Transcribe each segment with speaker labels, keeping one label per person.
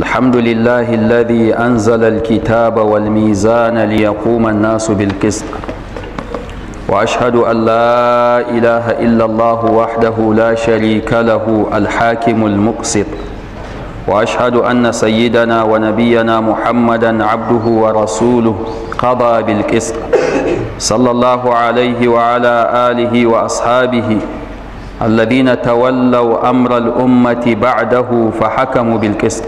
Speaker 1: الحمد لله الذي أنزل الكتاب والميزان ليقوم الناس بالقسط وأشهد أن لا إله إلا الله وحده لا شريك له الحاكم المقسط وأشهد أن سيدنا ونبينا محمدا عبده ورسوله قضى بالقسط صلى الله عليه وعلى آله وأصحابه الذين تولوا أمر الأمة بعده فحكموا بالقسط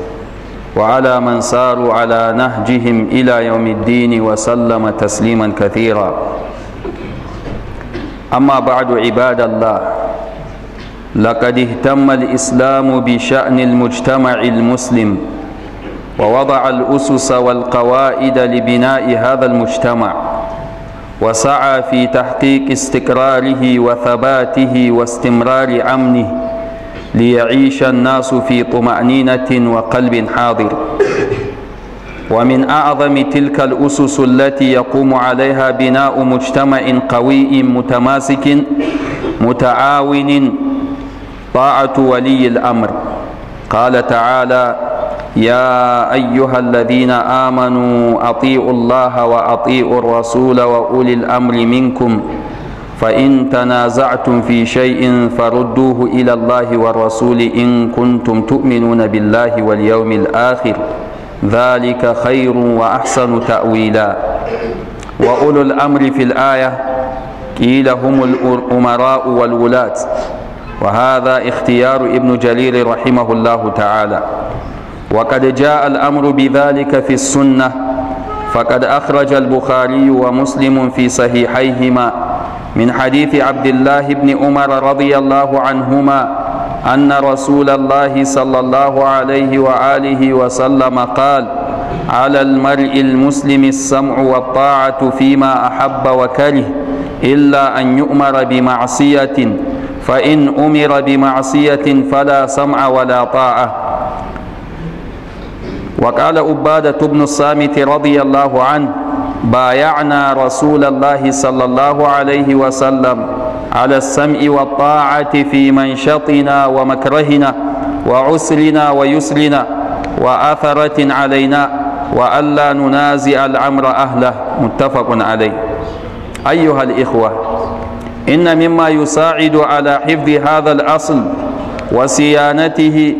Speaker 1: وعلى من ساروا على نهجهم إلى يوم الدين وسلم تسليما كثيرا أما بعد عباد الله لقد اهتم الإسلام بشأن المجتمع المسلم ووضع الأسس والقواعد لبناء هذا المجتمع وسعى في تحقيق استقراره وثباته واستمرار أمنه ليعيش الناس في طمأنينة وقلب حاضر ومن أعظم تلك الأسس التي يقوم عليها بناء مجتمع قوي متماسك متعاون طاعة ولي الأمر قال تعالى يا أيها الذين آمنوا أطيعوا الله وأطيعوا الرسول وأولي الأمر منكم فإن تنازعتم في شيء فردوه إلى الله والرسول إن كنتم تؤمنون بالله واليوم الآخر ذلك خير وأحسن تأويلا وأولو الأمر في الآية قيل هم الأمراء والولاة وهذا اختيار ابن جرير رحمه الله تعالى وقد جاء الأمر بذلك في السنة فقد أخرج البخاري ومسلم في صحيحيهما من حديث عبد الله بن عمر رضي الله عنهما أن رسول الله صلى الله عليه وآله وسلم قال على المرء المسلم السمع والطاعة فيما أحب وكره إلا أن يؤمر بمعصية فإن أمر بمعصية فلا سمع ولا طاعة وقال أبادة بن الصامت رضي الله عنه بايعنا رسول الله صلى الله عليه وسلم على السمع والطاعة في منشطنا ومكرهنا وعسرنا ويسرنا وأثرة علينا وألا ننازع الأمر أهله متفق عليه أيها الإخوة إن مما يساعد على حفظ هذا الأصل وصيانته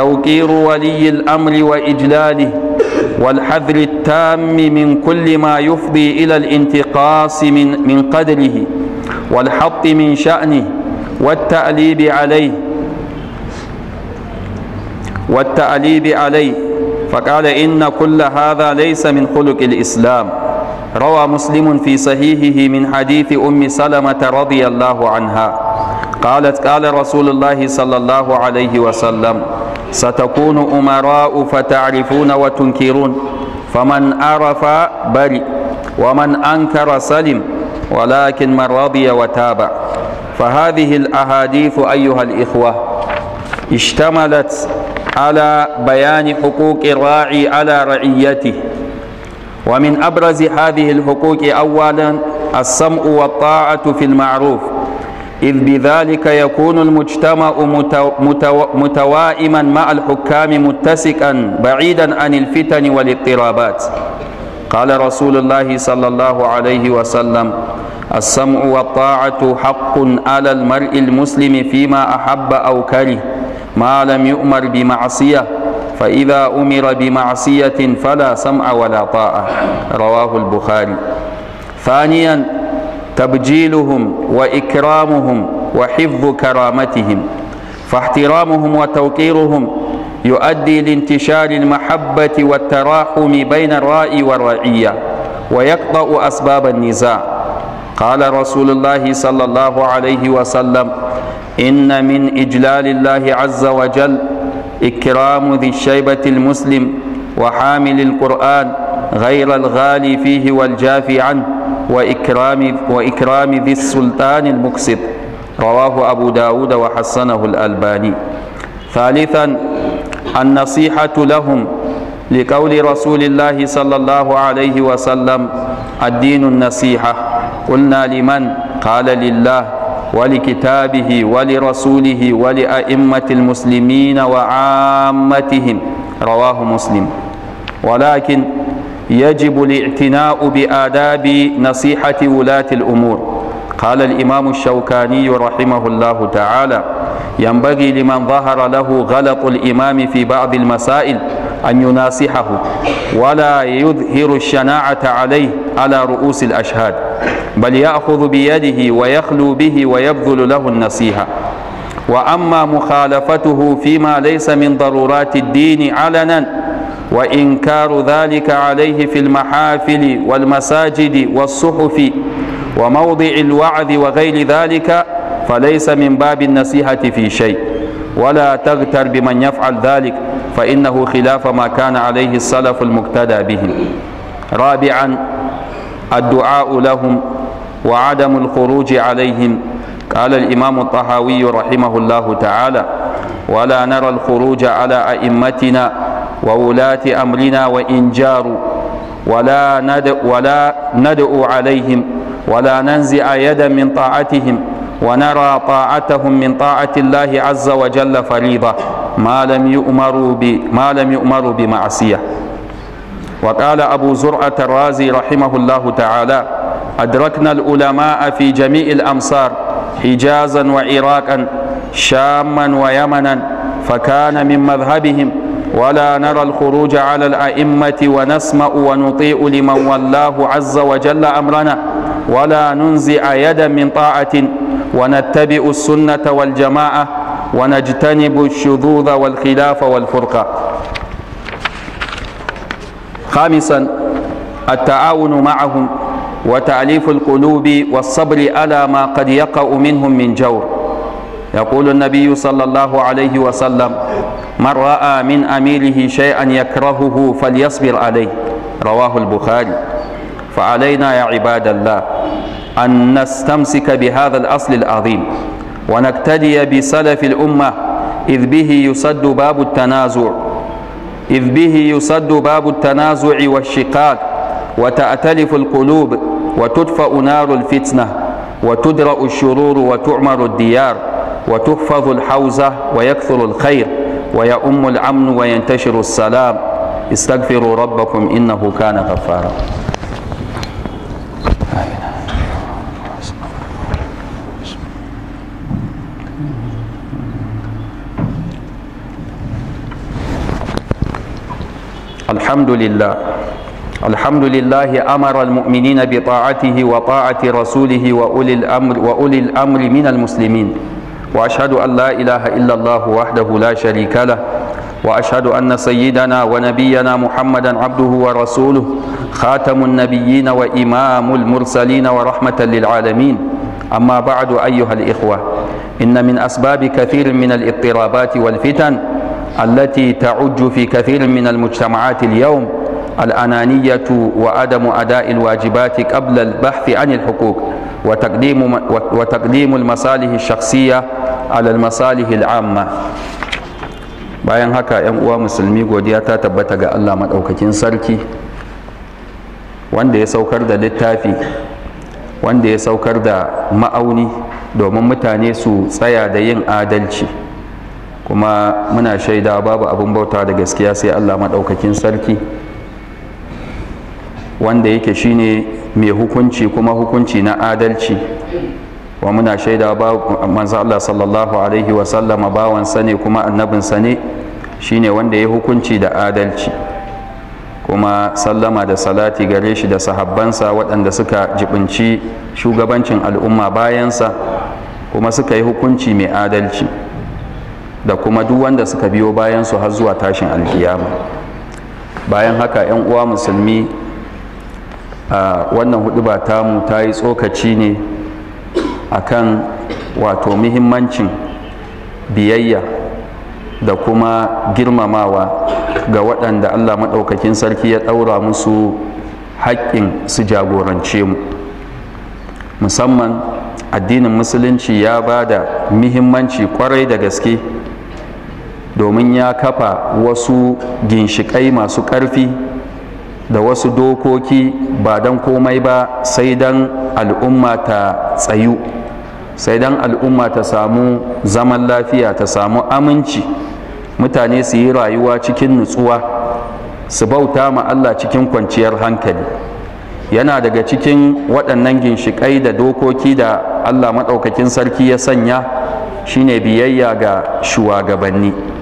Speaker 1: توقير ولي الأمر وإجلاله والحذر التام من كل ما يفضي إلى الانتقاص من, من قدره والحط من شأنه والتأليب عليه والتأليب عليه فقال إن كل هذا ليس من خلق الإسلام روى مسلم في صحيحه من حديث أم سلمة رضي الله عنها قالت قال رسول الله صلى الله عليه وسلم ستكون أمراء فتعرفون وتنكرون فمن عرف برئ ومن أنكر سلم ولكن من رضي وتابع فهذه الأحاديث أيها الإخوة اشتملت على بيان حقوق الراعي على رعيته ومن أبرز هذه الحقوق أولا السمع والطاعة في المعروف إذ بذلك يكون المجتمع متوائما مع الحكام متسكا بعيدا عن الفتن والاضطرابات قال رسول الله صلى الله عليه وسلم السمع والطاعة حق على المرء المسلم فيما أحب أو كره ما لم يؤمر بمعصية فإذا أمر بمعصية فلا سمع ولا طاعة رواه البخاري ثانيا تبجيلهم وإكرامهم وحفظ كرامتهم فاحترامهم وتوقيرهم يؤدي لانتشار المحبة والتراحم بين الرائي والرعية ويقطأ أسباب النزاع قال رسول الله صلى الله عليه وسلم إن من إجلال الله عز وجل إكرام ذي الشيبة المسلم وحامل القرآن غير الغالي فيه والجافي عنه وإكرام, وإكرام ذي السلطان المكسب رواه أبو داود وحسنه الألباني ثالثا النصيحة لهم لقول رسول الله صلى الله عليه وسلم الدين النصيحة قلنا لمن قال لله ولكتابه ولرسوله ولأئمة المسلمين وعامتهم رواه مسلم ولكن يجب الاعتناء بآداب نصيحة ولاة الأمور قال الإمام الشوكاني رحمه الله تعالى ينبغي لمن ظهر له غلط الإمام في بعض المسائل أن يناصحه ولا يظهر الشناعة عليه على رؤوس الأشهاد بل يأخذ بيده ويخلو به ويبذل له النصيحة وأما مخالفته فيما ليس من ضرورات الدين علنا وإنكار ذلك عليه في المحافل والمساجد والصحف وموضع الوعظ وغير ذلك فليس من باب النصيحة في شيء ولا تغتر بمن يفعل ذلك فإنه خلاف ما كان عليه السلف المقتدى بهم رابعا الدعاء لهم وعدم الخروج عليهم قال الإمام الطحاوي رحمه الله تعالى ولا نرى الخروج على أئمتنا وولاة أمرنا وإن جاروا ولا ندعو, ولا ندعو عليهم ولا ننزع يدا من طاعتهم ونرى طاعتهم من طاعة الله عز وجل فريضة ما لم يؤمروا ما لم يؤمروا بمعصية وقال أبو زرعة الرازي رحمه الله تعالى أدركنا العلماء في جميع الأمصار حجازا وعراقا شاما ويمنا فكان من مذهبهم ولا نرى الخروج على الأئمة ونسمع ونطيع لمن والله عز وجل أمرنا ولا ننزع يدا من طاعة ونتبع السنة والجماعة ونجتنب الشذوذ والخلاف والفرقة خامسا التعاون معهم وتعليف القلوب والصبر على ما قد يقع منهم من جور يقول النبي صلى الله عليه وسلم من رأى من أميره شيئا يكرهه فليصبر عليه رواه البخاري فعلينا يا عباد الله أن نستمسك بهذا الأصل العظيم ونقتدي بسلف الأمة إذ به يسد باب التنازع إذ به يسد باب التنازع والشقاق وتأتلف القلوب وتدفأ نار الفتنة وتدرأ الشرور وتعمر الديار وتحفظ الحوزة ويكثر الخير ويؤم الأمن وينتشر السلام استغفروا ربكم إنه كان غفارا الحمد لله الحمد لله أمر المؤمنين بطاعته وطاعة رسوله وأولي الأمر, وأولي الأمر من المسلمين واشهد ان لا اله الا الله وحده لا شريك له واشهد ان سيدنا ونبينا محمدا عبده ورسوله خاتم النبيين وامام المرسلين ورحمه للعالمين اما بعد ايها الاخوه ان من اسباب كثير من الاضطرابات والفتن التي تعج في كثير من المجتمعات اليوم الانانيه وعدم اداء الواجبات قبل البحث عن الحقوق وتقديم وتقديم المصالح الشخصية على المصالح العامة bayan haka yan uwa musulmi godiya ta tabbata ga Allah maɗaukakin sarki wanda ya saukar da littafi wanda ya saukar da ma'auni domin mutane su tsaya da yin adalci kuma muna shaida babu abin bauta da gaskiya sai Allah maɗaukakin sarki wanda yake shine mai hukunci kuma hukunci na adalci wa muna shaida ba manzo Allah sallallahu alaihi wa sallama bawan ne kuma annabin ne shine wanda ya hukunci da adalci kuma sallama da salati gare shi da sahabbansa waɗanda suka jibinci shugabancin al'umma bayansa kuma suka yi hukunci mai adalci da kuma duk wanda suka biyo bayansu har zuwa tashin alkiyama bayan haka 'yan uwa musulmi wannan hudu ba tamu ta yi tsokaci ne akan wato muhimmancin biyayya da kuma girmamawa ga waɗanda Allah maɗaukakin sarki ya ɗaura musu haƙƙin su jagorance mu musamman addinin musulunci ya ba da muhimmanci kwarai da gaske domin ya kafa wasu ginshiƙai masu ƙarfi da wasu dokoki ba don komai ba sai don al'umma ta tsayu sai don al'umma ta samu zaman lafiya ta samu aminci mutane su yi rayuwa cikin nutsuwa su bauta ma Allah cikin kwanciyar hankali yana daga cikin waɗannan ginshiƙai da dokoki da Allah maɗaukakin sarki ya sanya shine biyayya ga shugabanni.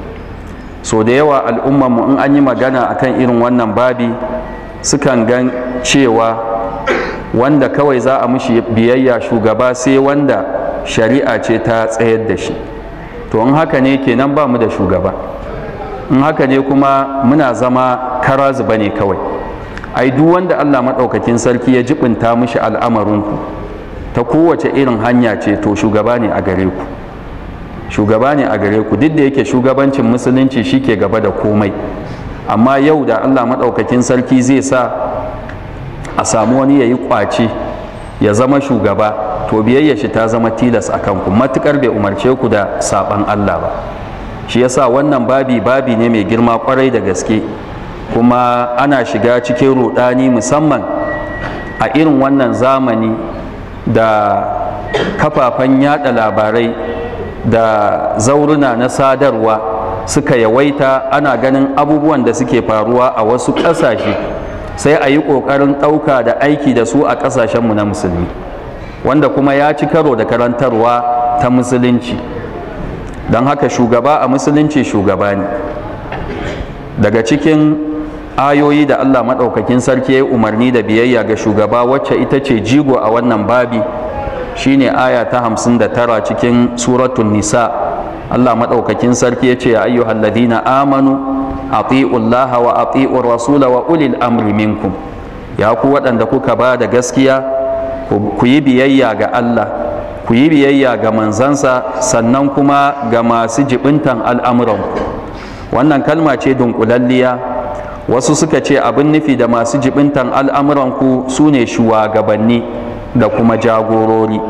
Speaker 1: so da yawa al'ummanmu in an yi magana a kan irin wannan babi sukan gan cewa wanda kawai za a mushi biyayya shugaba sai wanda shari'a ce ta tsayar da shi to in haka ne kenan ba mu da shugaba in haka ne kuma muna zama karazu ba ne kawai ai duk wanda Allah maɗaukakin sarki ya jibinta mushi al'amarinku ta kowace irin hanya ce to shugaba ne a gare ku shugaba ne a gare ku duk da yake shugabancin musulunci shi ke gaba da komai amma yau da allah maɗaukakin sarki zai sa a samu wani ya yi ƙwace ya zama shugaba to biyayya shi ta zama tilas a kanku matukar bai umarce ku da saɓan allah ba shi yasa wannan babi babi ne mai girma kwarai da gaske kuma ana shiga cikin rudani musamman a irin wannan zamani da kafafen yada labarai da zauruna na sadarwa suka yawaita ana ganin abubuwan da suke faruwa a wasu ƙasashe sai a yi ƙoƙarin ɗauka da aiki da su a ƙasashenmu na musulmi wanda kuma ya ci karo da karantarwa ta musulunci don haka shugaba a musulunci shugaba ne daga cikin ayoyi da allah maɗaukakin sarki ya yi umarni da biyayya ga shugaba wacce ita ce jigo a wannan babi shine aya ta tara cikin suratun nisa Allah maɗaukakin sarki yace ya ayyuhal ladina amanu ati'u Allah wa ati'u rasul wa ulil amri minkum ya ku waɗanda kuka ba da gaskiya ku yi biyayya ga Allah ku yi biyayya ga manzansa sannan kuma ga masu jibintan al'amuran wannan kalma ce dunkulalliya wasu suka ce abin nufi da masu jibintan al'amuranku su ne shugabanni da kuma jagorori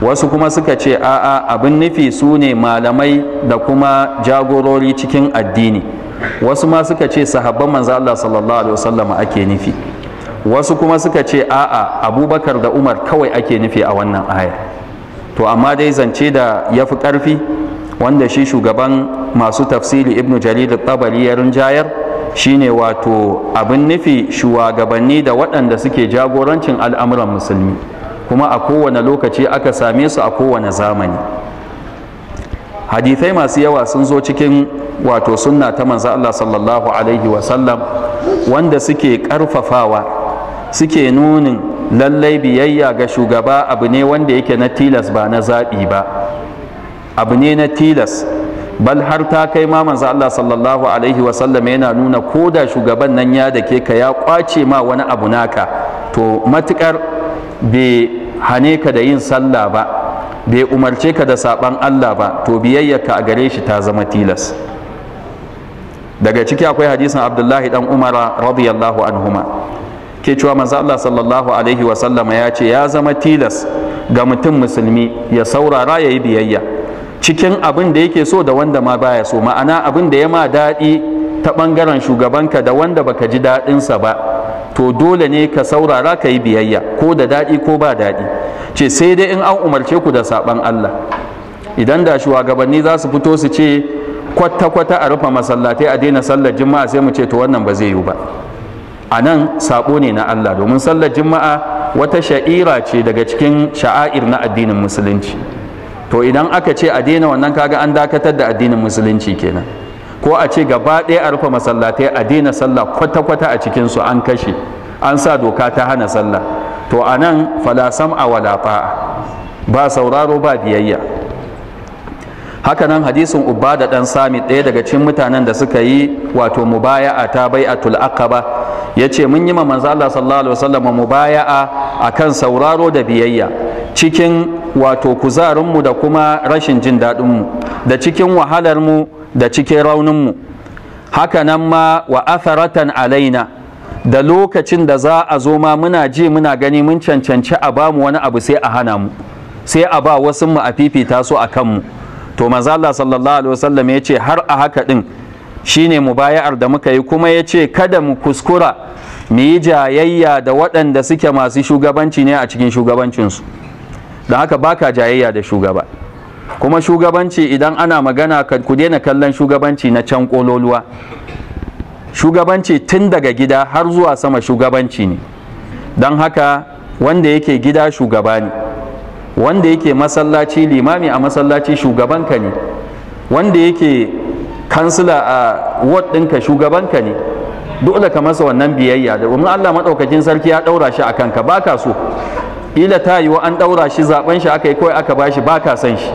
Speaker 1: wasu kuma suka ce a'a abin nufi su ne malamai da kuma jagorori cikin addini wasu ma suka ce sahabban manzo Allah sallallahu alaihi wasallam ake nufi wasu kuma suka ce a'a abubakar da umar kawai ake nufi a wannan aya to amma dai zance da ya fi ƙarfi wanda shi shugaban masu tafsiri ibnu jarir tabari ya rinjayar shine wato abin nufi shugabanni da waɗanda suke jagorancin al'amuran musulmi kuma a kowane lokaci aka same su a kowane zamani hadithai masu yawa sun zo cikin wato sunna ta manza Allah sallallahu alaihi wasallam wanda suke ƙarfafawa suke nunin lallai biyayya ga shugaba abu ne wanda yake na tilas ba na zaɓi ba abu ne na tilas bal har ta kai ma manzo Allah sallallahu alaihi wa sallam yana nuna ko da shugaban nan ya dake ka ya kwace ma wani abu naka to matukar bai hane ka da yin sallah ba bai umarce ka da saban Allah ba to biyayyarka a gare shi ta zama tilas daga ciki akwai hadisin Abdullahi dan Umar radiyallahu anhuma ke cewa manzo Allah sallallahu alaihi wa sallama ya ce ya zama tilas ga mutum musulmi ya saurara yayi biyayya cikin abin da yake so da wanda ma baya so ma'ana abin da ya ma daɗi ta ɓangaren shugabanka da wanda baka ji daɗinsa ba to dole ne ka saurara ka yi biyayya ko da daɗi ko ba daɗi ce sai dai in an umarce ku da saɓan Allah idan da shugabanni za su fito su ce kwata-kwata a rufe masallatai a daina sallar jima'a sai mu ce to wannan ba zai yiwu ba a nan saɓo ne na Allah domin sallar jima'a wata sha'ira ce daga cikin sha'air na addinin musulunci to idan aka ce a daina wannan kaga an dakatar da addinin musulunci kenan ko a ce gaba ɗaya a rufe masallatai a daina sallah kwata-kwata a cikinsu an kashe an sa doka ta hana sallah to a nan falasam a wala ba sauraro ba biyayya Haka nan hadisin ubba da ɗan sami ɗaya daga cikin mutanen da suka yi wato mubaya'a ta bai'atul aqaba ya ce mun yi ma manzo sallallahu alaihi wasallam mubaya'a akan sauraro da biyayya cikin wato kuzarinmu da kuma rashin jin daɗinmu da cikin wahalarmu da cikin rauninmu haka nan ma wa atharatan alaina da lokacin da za a zo ma muna ji muna gani mun cancanci a ba mu wani abu sai a hana mu sai a ba wasu mu a fifita su a kanmu to manzo Allah sallallahu alaihi wasallam ya ce har a haka din shine mubaya'ar da muka yi kuma ya ce kada mu kuskura mu yi jayayya da waɗanda suke masu shugabanci ne a cikin shugabancinsu da haka baka jayayya da shugaba kuma shugabanci idan ana magana ku daina kallon shugabanci na can kololuwa shugabanci tun daga gida har zuwa sama shugabanci ne don haka wanda yake gida shugaba ne wanda yake masallaci limami a masallaci shugabanka ne wanda yake kansila a ward ɗinka shugabanka ne dole ka masa wannan biyayya da domin Allah maɗaukakin sarki ya ɗaura shi a kanka ba ka so ila ta yiwu an ɗaura shi zaɓen shi aka yi kawai aka bashi ba ka san shi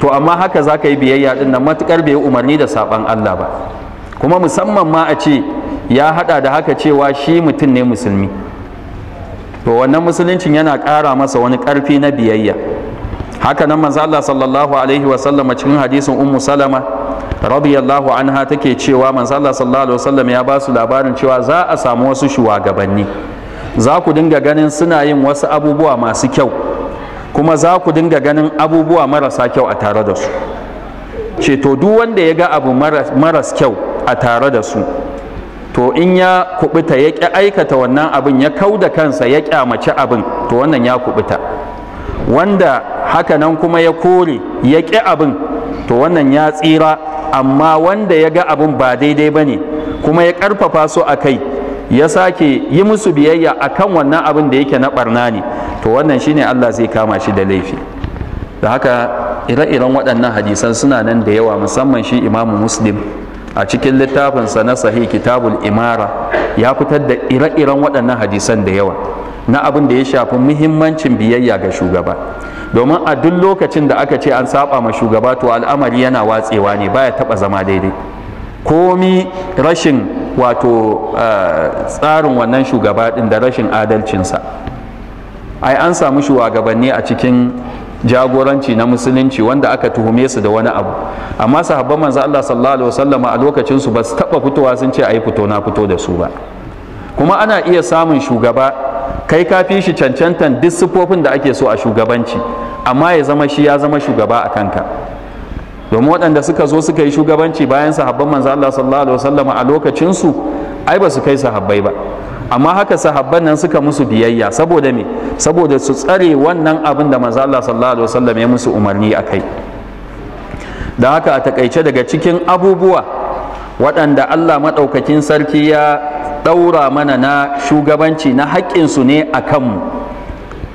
Speaker 1: to amma haka za ka yi biyayya ɗin nan matuƙar bai umarni da saɓan Allah ba kuma musamman ma a ce ya haɗa da haka cewa shi mutum ne musulmi to wannan musuluncin yana ƙara masa wani ƙarfi na biyayya haka nan manzo Allah sallallahu alaihi wa sallam cikin hadisin ummu salama radiyallahu anha take cewa manzo Allah sallallahu alaihi wasallam ya ba su labarin cewa za a samu wasu shugabanni za ku dinga ganin suna yin wasu abubuwa masu kyau kuma za ku dinga ganin abubuwa marasa kyau a tare da su ce to duk wanda ya ga abu maras kyau a tare da su to in ya kubuta ya ƙi aikata wannan abin ya kau da kansa ya ƙyamaci abin to wannan ya kubuta wanda haka nan kuma ya kore ya ƙi abin to wannan ya tsira amma wanda ya ga abin ba daidai ba ne kuma ya ƙarfafa su a kai ya sake yi musu biyayya a kan wannan abin da yake na ɓarna ne to wannan shine Allah zai kama shi da laifi da haka ire-iren waɗannan hadisan suna nan da yawa musamman shi imamu muslim a cikin littafinsa na sahih kitabul imara ya fitar da ire-iren waɗannan hadisan da yawa na abin da ya shafi muhimmancin biyayya ga shugaba domin a duk lokacin da aka ce an saba ma shugaba to al'amari yana watsewa ne baya taba zama daidai komi rashin wato eh, tsarin wannan shugaba din da rashin adalcinsa ai an samu shugabanni a cikin jagoranci na musulunci wanda aka tuhume su da wani abu amma sahabban manzo Allah sallallahu alaihi wasallam a lokacin su ba su taba fitowa sun ce ayi fito na fito da su ba kuma ana iya samun shugaba kai kafi fi shi cancantan duk siffofin da ake so a shugabanci amma ya zama shi ya zama shugaba a kanka domin waɗanda suka zo suka yi shugabanci bayan sahabban manzo Allah sallallahu alaihi wasallam a lokacinsu ai ba su kai sahabbai ba amma haka sahabban nan suka musu biyayya saboda me saboda su tsare wannan abin da manzo Allah sallallahu alaihi wasallam ya musu umarni akai da haka a takaice daga cikin abubuwa waɗanda Allah madaukakin sarki ya ɗaura mana na shugabanci na su ne a kanmu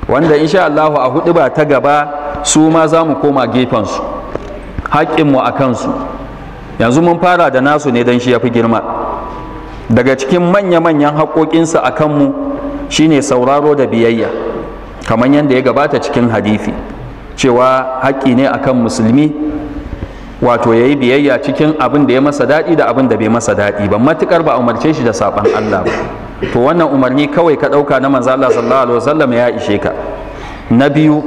Speaker 1: wanda in sha Allah a hudu ba ta gaba su ma za mu koma gefensu haƙƙinmu a kansu yanzu mun fara da nasu ne don shi ya fi girma daga cikin manya-manyan haƙoƙinsu a kanmu shi ne sauraro da biyayya kamar yadda ya gabata cikin hadithi cewa haƙƙi ne a kan musulmi wato ya yi biyayya cikin abin da ya masa daɗi da abin da bai masa daɗi ba matuƙar ba a umarce shi da saɓan Allah ba to wannan umarni kawai ka ɗauka na manzo Allah sallallahu alaihi wasallam ya ishe ka na biyu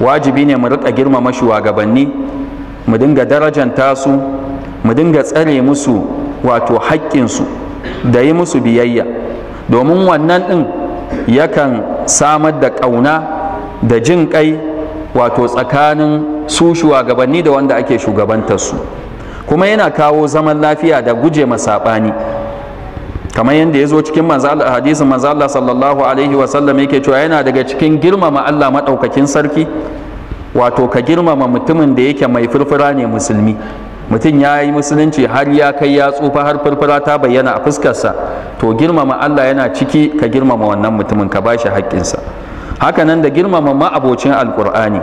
Speaker 1: wajibi ne mu riƙa girmama shugabanni mu dinga darajanta su mu dinga tsare musu wato haƙƙinsu da yi musu biyayya domin wannan ɗin yakan samar da ƙauna da jin ƙai wato tsakanin su shugabanni da wanda ake shugabantarsu kuma yana kawo zaman lafiya da guje masaɓani saɓani kamar yadda ya zo cikin hadisin manzo Allah sallallahu alaihi wa sallam yake cewa yana daga cikin girmama Allah madaukakin sarki wato ka girmama mutumin da yake mai furfura ne musulmi mutum ya yi musulunci har ya kai ya tsufa har furfura ta bayyana a fuskarsa to girmama Allah yana ciki ka girmama wannan mutumin ka bashi haƙƙinsa hakanan da girmama ma'abocin alƙur'ani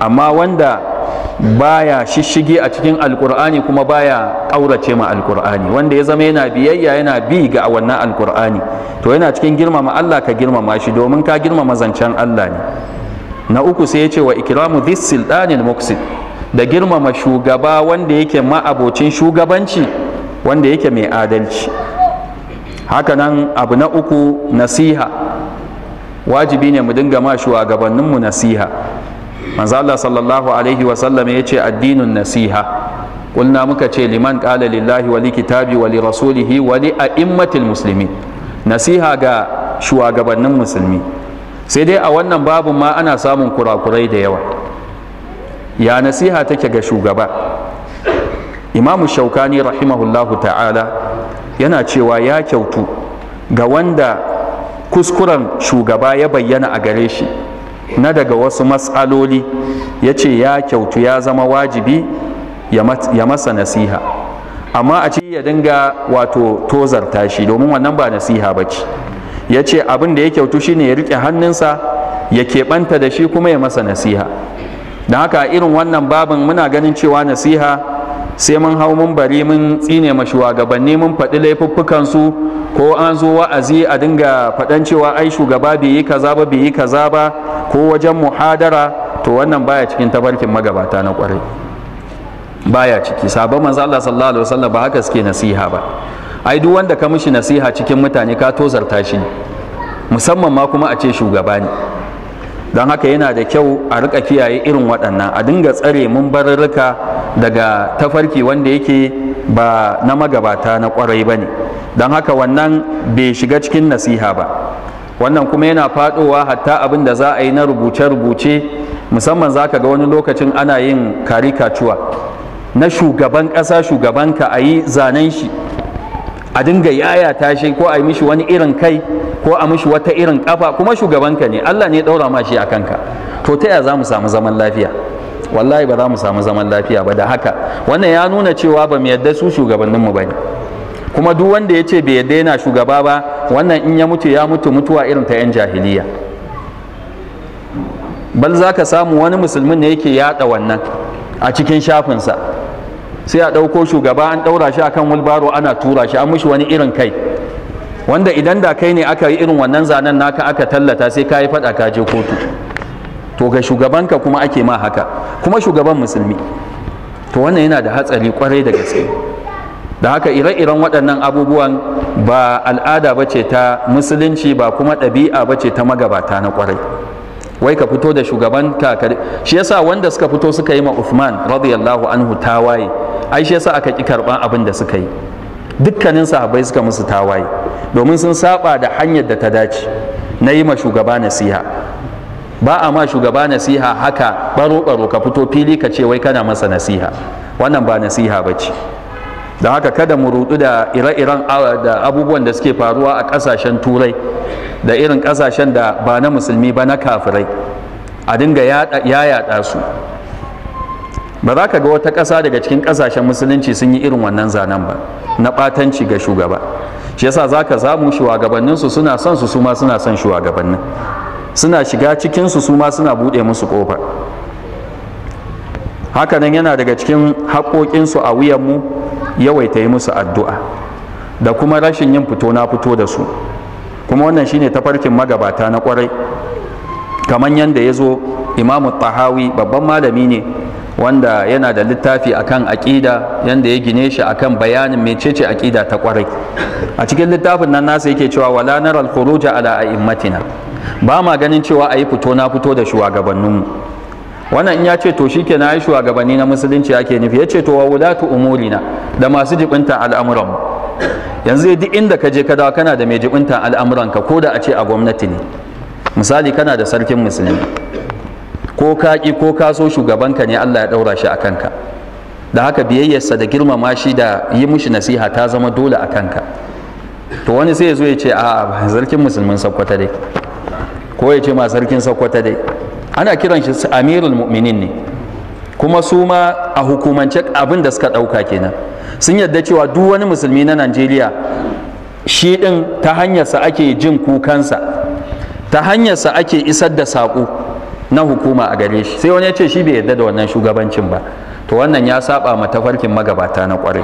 Speaker 1: amma wanda baya shishige a cikin alkur'ani kuma baya ƙaurace ma alkur'ani wanda ya zama yana biyayya yana bi ga wannan alkur'ani to yana cikin girmama Allah ka girmama shi domin ka girmama zancen Allah ne na uku sai ya ce wa ikramu dhis siltanil muksid da girmama shugaba wanda yake ma'abocin shugabanci wanda yake mai adalci hakanan abu na uku nasiha wajibi ne mu dinga ma shugabanninmu nasiha manzo Allah sallallahu alaihi wa sallam yace addinun nasiha قلنا مكا لمن قال لله ولكتابه ولرسوله ولأئمة المسلمين نسيها غا شواغبن musulmi. sai dai a wannan babu ma ana samun kurakurai da yawa ya nasiha take ga shugaba imamu shaukani rahimahullahu ta'ala yana cewa ya kyautu ga wanda kuskuren shugaba ya bayyana a gare shi na daga wasu matsaloli ya ce ya kyautu ya zama wajibi ya masa nasiha amma a ce ya dinga wato tozarta shi domin wannan ba nasiha ba ce ya ce abin da ya kyautu shi ne ya rike hannunsa ya keɓanta da shi kuma ya masa nasiha don haka irin wannan babin muna ganin cewa nasiha sai mun hau mun bari mun tsine ma shugabanni mun faɗi laifuffukan su ko an zo wa'azi a dinga faɗan cewa ai shugaba bai yi kaza ba bai yi kaza ba ko wajen muhadara to wannan baya cikin tabarkin magabata na kwarai baya ciki sabo manzo Allah sallallahu alaihi wasallam ba haka suke nasiha ba ai duk wanda ka mishi nasiha cikin mutane ka tozarta shi musamman ma kuma a ce shugaba ne don haka yana da kyau a rika kiyaye irin waɗannan a dinga tsare mun bararruka daga tafarki wanda yake ba na magabata na kwarai ba ne don haka wannan bai shiga cikin nasiha ba wannan kuma yana faɗowa hatta abin da za a yi na rubuce-rubuce musamman za ka ga wani lokacin ana yin karikatuwa na shugaban ƙasa shugabanka a yi zanen shi a dinga yayata shi ko a yi mishi wani irin kai ko a mishi wata irin kafa kuma shugabanka ne Allah ne ya daura ma shi a kanka to ta ya za mu samu zaman lafiya wallahi ba za mu samu zaman lafiya ba da haka wannan ya nuna cewa ba mu yadda su shugabanninmu ba ne kuma duk wanda ya ce bai yadda yana shugaba ba wannan in ya mutu ya mutu mutuwa irin ta 'yan jahiliya bal za ka samu wani musulmin ne yake yada wannan a cikin shafinsa sai a ɗauko shugaba an ɗaura shi akan wilbaro ana tura shi an mushi wani irin kai wanda idan da kai ne aka yi irin wannan zanen naka aka tallata sai ka yi faɗa ka je kotu to ga shugabanka kuma ake ma haka kuma shugaban musulmi to wannan yana da hatsari kwarai da gaske da haka ire-iren waɗannan abubuwan ba al'ada ba ce ta musulunci ba kuma ɗabi'a ba ce ta magabata na kwarai wai ka fito da shugaban kakari shi yasa wanda suka fito suka yi ma Uthman radiyallahu anhu tawaye ai shi yasa aka ki karban abin da suka yi dukkanin sahabbai suka musu tawaye domin sun saba da hanyar da ta dace na yi ma shugaba nasiha ba a ma shugaba nasiha haka baro baro ka fito fili ka ce wai kana masa nasiha wannan ba nasiha bace don haka kada mu rudu da ire-iren abubuwan da suke faruwa a kasashen turai da irin kasashen da ba na musulmi ba na kafirai a dinga ya yada su ba za ka ga wata ƙasa daga cikin ƙasashen musulunci sun yi irin wannan zanen ba na ɓatanci ga shugaba shi yasa za ka samu shugabanninsu suna son su suma suna son shugabannin suna shiga cikinsu suma suna buɗe musu ƙofa hakanan yana daga cikin haƙoƙinsu a wuyanmu yawaita yi musu addu'a da kuma rashin yin fito na fito da su kuma wannan shine tafarkin magabata na kwarai kamar yadda ya zo imamu tahawi babban malami ne wanda yana da littafi akan aƙida yadda ya gine shi akan bayanin mecece aƙida ta kwarai a cikin littafin nan nasa yake cewa wala naral khuruja ala a'immatina ba ma ganin cewa a yi fito na fito da shugabanninmu wannan in ya ce to shi kenan ai shugabanni na musulunci ake nufi ya ce to wa wulatu umurina da masu jibinta al'amuran yanzu duk inda ka je ka dawo kana da mai jibinta al'amuran ka ko da a ce a gwamnati ne misali kana da sarkin musulmi ko ka ki ko ka so shugabanka ne Allah ya daura shi a kanka da haka biyayyarsa da girmama shi da yi mushi nasiha ta zama dole a kanka to wani sai ya zo ya ce a'a sarkin musulmin sakkwata dai ko ya ce ma sarkin sakkwata dai ana kiran shi amirul mu'minin ne kuma su ma a hukumance abin da suka ɗauka kenan sun yadda cewa duk wani musulmi na najeriya shi ɗin ta hanyarsa ake jin kukansa ta hanyarsa ake isar da saƙo na hukuma a gare shi sai wani ya ce shi bai yadda da wannan shugabancin ba to wannan ya saba ma tafarkin magabata na ƙwarai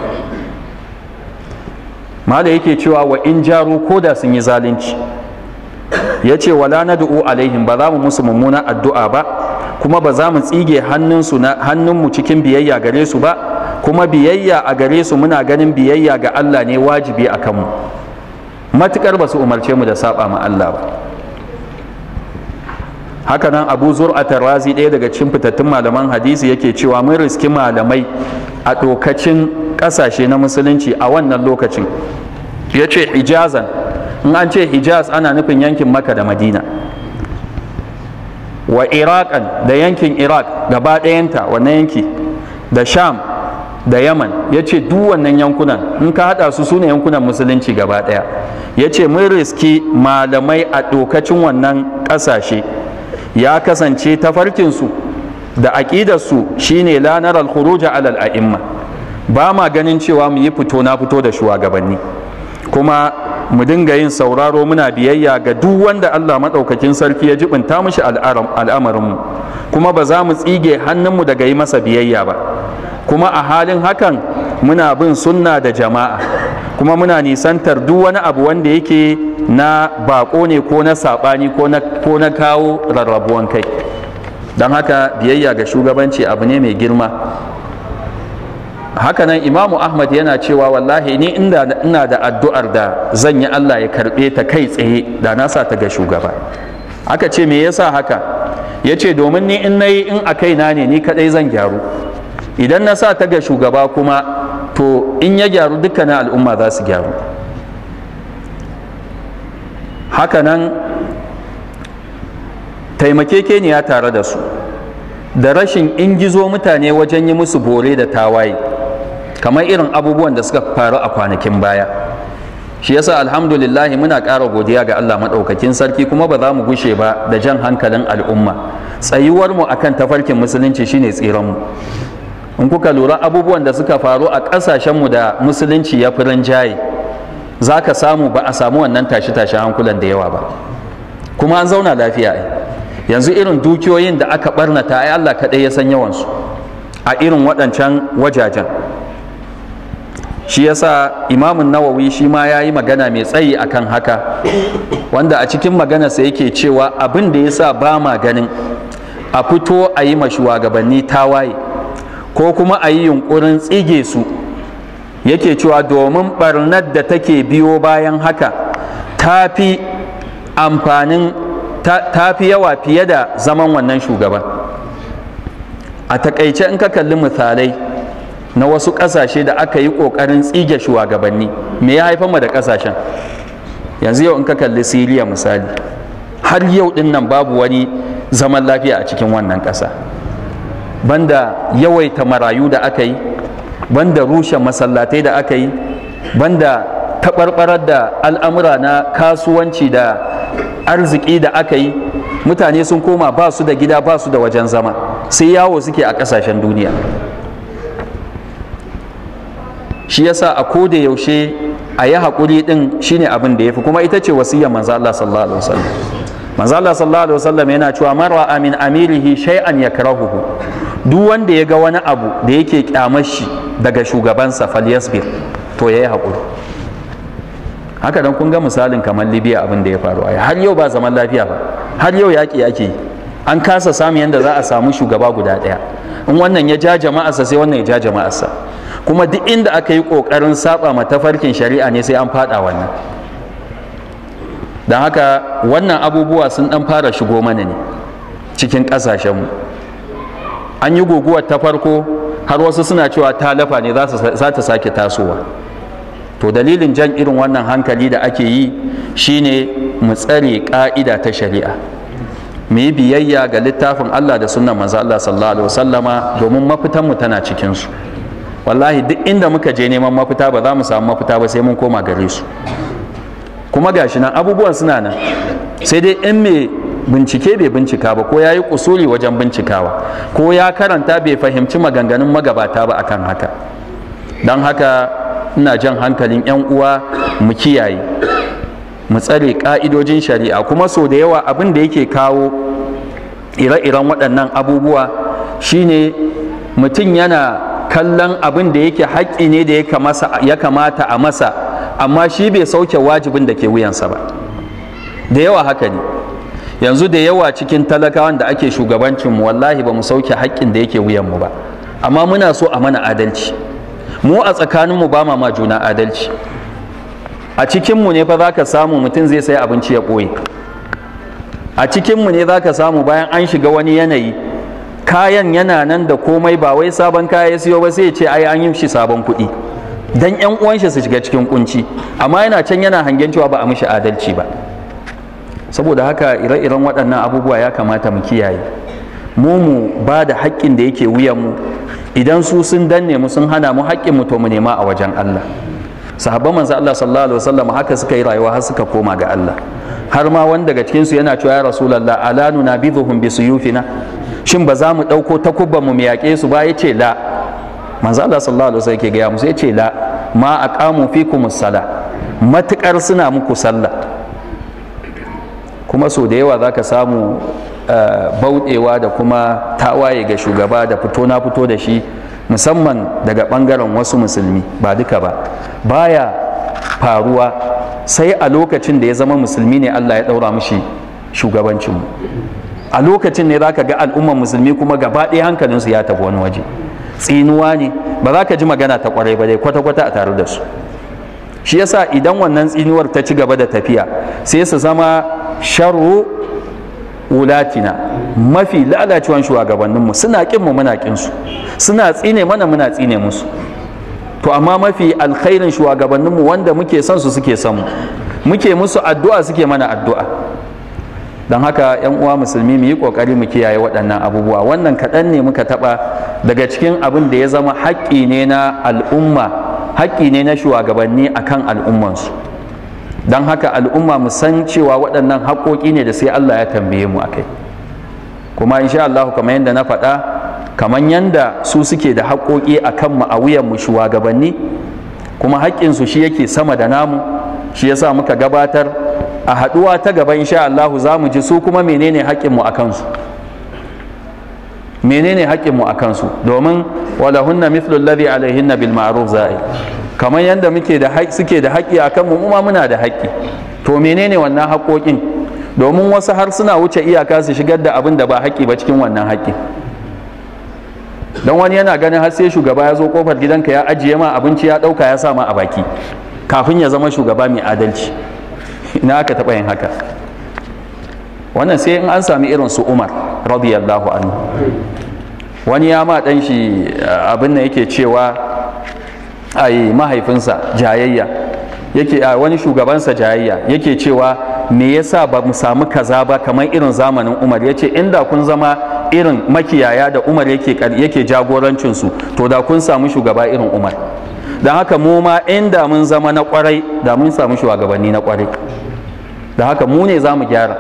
Speaker 1: mala yake cewa wa in jaru ko da sun yi zalunci ya ce wala na du'u alaihim ba za mu musu mummuna addu'a ba kuma ba za mu tsige hannunmu cikin biyayya gare su ba kuma biyayya a gare su muna ganin biyayya ga Allah ne wajibi a kanmu matukar ba su umarce mu da saba ma Allah ba haka nan abu zur'atar razi ɗaya daga cikin fitattun malaman hadisi yake cewa mun riski malamai a ɗokacin ƙasashe na musulunci a wannan lokacin ya ce hijazan in an ce hijaz ana nufin yankin maka da madina wa iraqan da yankin iraq gaba ɗayanta wannan yanki da sham da yaman ya ce duk wannan yankunan in ka haɗa su sune yankunan musulunci gaba ɗaya ya ce mun riski malamai a ɗokacin wannan ƙasashe ya kasance tafarkinsu da aƙidarsu shine lanar alhuroja alal imma ba ma ganin cewa mu yi fito na fito da shugabanni kuma mu dinga yin sauraro muna biyayya ga duk wanda Allah maɗaukakin sarki ya jibinta mushi al'amarinmu kuma ba za mu tsige hannunmu daga yi masa biyayya ba kuma a halin hakan muna bin sunna da jama'a kuma muna nisantar duk wani abu wanda yake na bako ne ko na saɓani ko na kawo rarrabuwan kai don haka biyayya ga shugabanci abu ne mai girma hakanan imamu ahmad yana cewa wallahi ni ina da addu'ar da zan yi allah ya karɓe ta kai tsaye da nasa ta ga shugaba aka ce me yasa haka ya ce domin ni in na yi in a kaina ne ni kadai zan gyaru idan na sa ta ga shugaba kuma to in ya gyaru dukkanin al'umma za su gyaru hakanan taimakekeniya tare da su da rashin ingizo mutane wajen yi musu bore da tawaye kamar irin abubuwan da suka faru a kwanakin baya shi yasa alhamdulillah muna ƙara godiya ga Allah maɗaukakin sarki kuma ba za mu gushe ba da jan hankalin al'umma tsayuwar mu akan tafarkin musulunci shine tsiran mu in kuka lura abubuwan da suka faru a ƙasashen mu da musulunci ya fi jaye za ka samu ba a samu wannan tashi-tashi hankulan da yawa ba kuma an zauna lafiya yanzu irin dukiyoyin da aka barnata ai Allah kaɗai ya san yawansu a irin waɗancan wajajen shi yasa imamun nawawi shi ma ya yi magana mai tsayi akan haka wanda a cikin magana maganarsa yake cewa abin da sa ba ma ganin a fito a yi ma shugabanni tawaye ko kuma a yi yunkurin tsige su yake cewa domin barnar da take biyo bayan haka ta fi amfanin ta fi yawa fiye da zaman wannan shugaban a takaice in ka kalli misalai na wasu ƙasashe da aka yi ƙoƙarin tsige shugabanni me ya haifar mu da ƙasashen yanzu yau in ka kalli siriya misali har yau din nan babu wani zaman lafiya a cikin wannan ƙasa banda yawaita marayu da aka yi banda rushe masallatai da aka yi banda taɓarɓarar da al'amura na kasuwanci da arziki da aka yi mutane sun koma ba su da gida ba su da wajen zama sai yawo suke a ƙasashen duniya shi yasa a ko da yaushe a yi haƙuri ɗin shine abin da ya fi kuma ita ce wasiyyar manzo Allah sallallahu alaihi wasallam manzo Allah sallallahu alaihi wasallam yana cewa Marwa amin amirihi shay'an yakrahuhu duk wanda ya ga wani abu da yake kyamar shi daga shugabansa falyasbir to yayi haƙuri haka dan kun ga misalin kamar Libya abin da ya faru a har yau ba zaman lafiya ba har yau yaki ake an kasa samu yanda za a samu shugaba guda ɗaya in wannan ya ja jama'arsa sai wannan ya ja jama'arsa kuma duk inda aka yi ƙoƙarin saba ma tafarkin shari'a ne sai an faɗa wannan don haka wannan abubuwa sun ɗan fara shigo mana ne cikin ƙasashenmu an yi guguwar ta farko har wasu suna cewa talafa ne za ta sake tasowa to dalilin jan irin wannan hankali da ake yi shine mu tsare ƙa'ida ta shari'a mu yi biyayya ga littafin Allah da sunan manzo Allah sallallahu alaihi wasallama domin mafitanmu tana cikinsu wallahi duk inda muka je neman mafita ba za mu samu mafita ba sai mun koma gare su kuma gashi nan abubuwan suna nan sai dai in mai bincike bai bincika ba ko ya yi kusuri wajen bincikawa ko ya karanta bai fahimci maganganun magabata ba akan haka don haka ina jan hankalin 'yan uwa mu kiyaye mu tsare ka'idojin shari'a kuma so da yawa abin da yake kawo ire-iren waɗannan abubuwa shine mutum yana kallon abin da yake haƙƙi ne da ya kamata a masa amma shi bai sauke wajibin da ke wuyansa ba da yawa haka ne yanzu da yawa cikin talakawan da ake shugabancin mu wallahi ba mu sauke haƙƙin da yake mu ba amma muna so a mana adalci mu a tsakaninmu ba ma juna adalci a cikinmu ne fa za ka samu mutum zai sai abinci ya ɓoye a cikinmu ne za ka samu bayan an shiga wani yanayi kayan yana nan da komai ba wai sabon kaya ya siyo ba sai ya ce ai an yi shi sabon kuɗi dan yan uwan shi su shiga cikin kunci amma yana can yana hangen cewa ba a mishi adalci ba saboda haka ire-iren waɗannan abubuwa ya kamata mu kiyaye mu mu ba da haƙƙin da yake wuyan mu idan su sun danne mu sun hana mu haƙƙin mu to mu nema a wajen Allah sahabban manzo Allah sallallahu alaihi wasallam haka suka yi rayuwa har suka koma ga Allah har ma wanda daga cikin su yana cewa ya rasulullah alanu nabidhuhum bisuyufina shin ba za mu ɗauko takubban mu yaƙe su ba ya ce la manzo Allah sallallahu alaihi wasallam ke gaya musu ya ce la ma aqamu fikum sala matukar suna muku sallah kuma so da yawa zaka samu eh, bauɗewa da kuma tawaye ga shugaba da fito na fito da shi musamman daga ɓangaren wasu musulmi ba duka ba baya faruwa sai a lokacin da ya zama musulmi ne Allah ya ɗaura shugabancin mu. a lokacin ne zaka ga al'ummar musulmi kuma gaba ɗaya hankalinsu ya tafi wani waje tsinuwa ne ba za ka ji magana ta kwarai ba dai kwata-kwata a tare da su shi yasa idan wannan tsinuwar ta ci gaba da tafiya sai su zama sharru wulatina mafi lalacewan shugabanninmu suna kin mu muna kin su suna tsine mana muna tsine musu to amma mafi alkhairin shugabanninmu wanda muke son su suke son mu muke musu addu'a suke mana addu'a don haka yan uwa musulmi mu yi kokari mu kiyaye waɗannan abubuwa wannan kaɗan ne muka taɓa daga cikin abin da ya zama haƙƙi ne na al'umma haƙƙi ne na shugabanni akan al'ummansu don haka al'umma mu san cewa waɗannan haƙoƙi ne da sai Allah ya tambaye mu akai kuma insha Allah kamar yadda na faɗa kaman yadda su suke da haƙoƙi a kan mu a wuyan mu shugabanni kuma haƙƙinsu shi yake sama da namu shi yasa muka gabatar a haɗuwa ta gaba insha Allah za mu ji su kuma menene haƙƙin mu a kansu menene haƙƙin mu a kansu domin walahunna mithlu ladhi alaihinna bil ma'ruf za'i kamar yadda muke da suke da haƙƙi a kanmu mu ma muna da haƙƙi to menene wannan haƙƙoƙin domin wasu har suna wuce iyaka su shigar da abin da ba haƙƙi ba cikin wannan haƙƙi dan wani yana ganin har sai shugaba ya zo kofar gidanka ya ajiye ma abinci ya ɗauka ya sa ma a baki kafin ya zama shugaba mai adalci ina aka taɓa yin haka wannan sai in an sami irin su umar radiyallahu anhu wani ya ma ɗan shi eh, abin da yake cewa yi mahaifinsa jayayya yake a wani shugabansa jayayya yake cewa me yasa ba mu samu kaza ba kamar irin zamanin umar ya ce inda kun zama irin makiyaya da umar yake jagorancinsu to da kun sami shugaba irin umar da haka mu ma inda mun zama na kwarai da mun samu shugabanni na kwarai da haka mu ne za mu gyara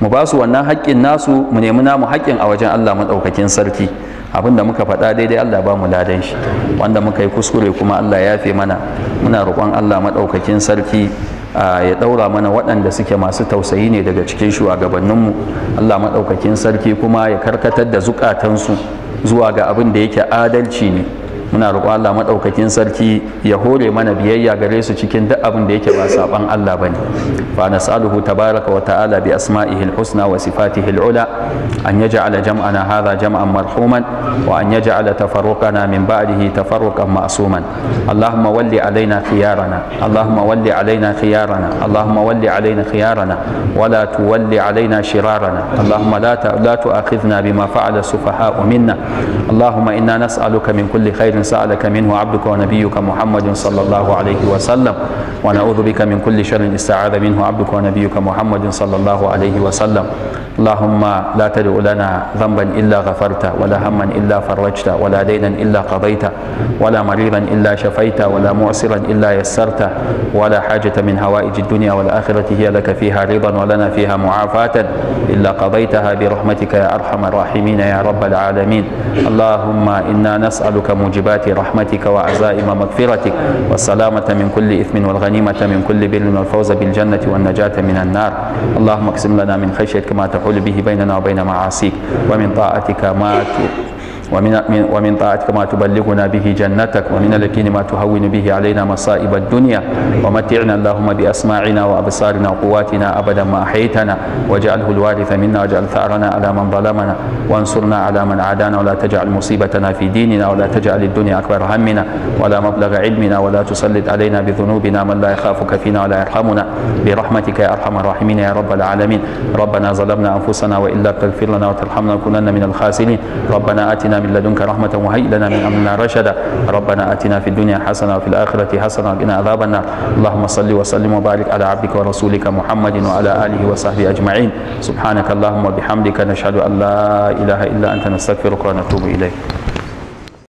Speaker 1: mu ba su wannan haƙƙin nasu mu nemi namu haƙƙin a wajen Allah maɗaukakin sarki abin da muka faɗa daidai Allah ba mu ladan shi wanda muka yi kuskure kuma Allah ya fi mana muna roƙon Allah maɗaukakin sarki ya ɗaura mana waɗanda suke masu tausayi ne daga cikin shugabanninmu Allah maɗaukakin sarki kuma ya karkatar da zukatansu zuwa ga abin da yake adalci ne muna roƙon Allah madaukakin sarki ya hore mana biyayya gare su cikin duk abin da yake ba saban Allah bane fa nas'aluhu tabaaraka wa ta'ala bi asma'ihi al-husna wa sifatihi al-ula an yaj'ala jam'ana hadha jam'an marhuman wa an yaj'ala tafarruqana min ba'dihi tafarruqan ma'suman Allahumma walli alaina khiyarana Allahumma walli alaina khiyarana Allahumma walli alaina khiyarana wa la tuwalli alaina shirarana Allahumma la la tu'akhidhna bima fa'ala sufaha'u minna Allahumma inna nas'aluka min kulli khairin سألك منه عبدك ونبيك محمد صلى الله عليه وسلم ونعوذ بك من كل شر استعاذ منه عبدك ونبيك محمد صلى الله عليه وسلم اللهم لا تدع لنا ذنبا إلا غفرته ولا هما إلا فرجته ولا دينا إلا قضيته ولا مريضا إلا شفيته ولا معسرا إلا يسرته ولا حاجة من هوائج الدنيا والآخرة هي لك فيها رضا ولنا فيها معافاة إلا قضيتها برحمتك يا أرحم الراحمين يا رب العالمين اللهم إنا نسألك موجبات طيبات رحمتك وعزائم مغفرتك والسلامة من كل إثم والغنيمة من كل بر والفوز بالجنة والنجاة من النار اللهم اقسم لنا من خشيتك ما تحول به بيننا وبين معاصيك ومن طاعتك ما ومن ومن طاعتك ما تبلغنا به جنتك ومن اليقين ما تهون به علينا مصائب الدنيا ومتعنا اللهم باسماعنا وابصارنا وقواتنا ابدا ما احيتنا واجعله الوارث منا واجعل ثارنا على من ظلمنا وانصرنا على من عادانا ولا تجعل مصيبتنا في ديننا ولا تجعل الدنيا اكبر همنا ولا مبلغ علمنا ولا تسلط علينا بذنوبنا من لا يخافك فينا ولا يرحمنا برحمتك يا ارحم الراحمين يا رب العالمين ربنا ظلمنا انفسنا وان لم تغفر لنا وترحمنا لنكونن من الخاسرين ربنا اتنا من لدنك رحمة وهيئ لنا من أمرنا رشدا ربنا آتنا في الدنيا حسنة وفي الآخرة حسنة وقنا عذاب النار اللهم صل وسلم وبارك على عبدك ورسولك محمد وعلى آله وصحبه أجمعين سبحانك اللهم وبحمدك نشهد أن لا إله إلا أنت نستغفرك ونتوب إليك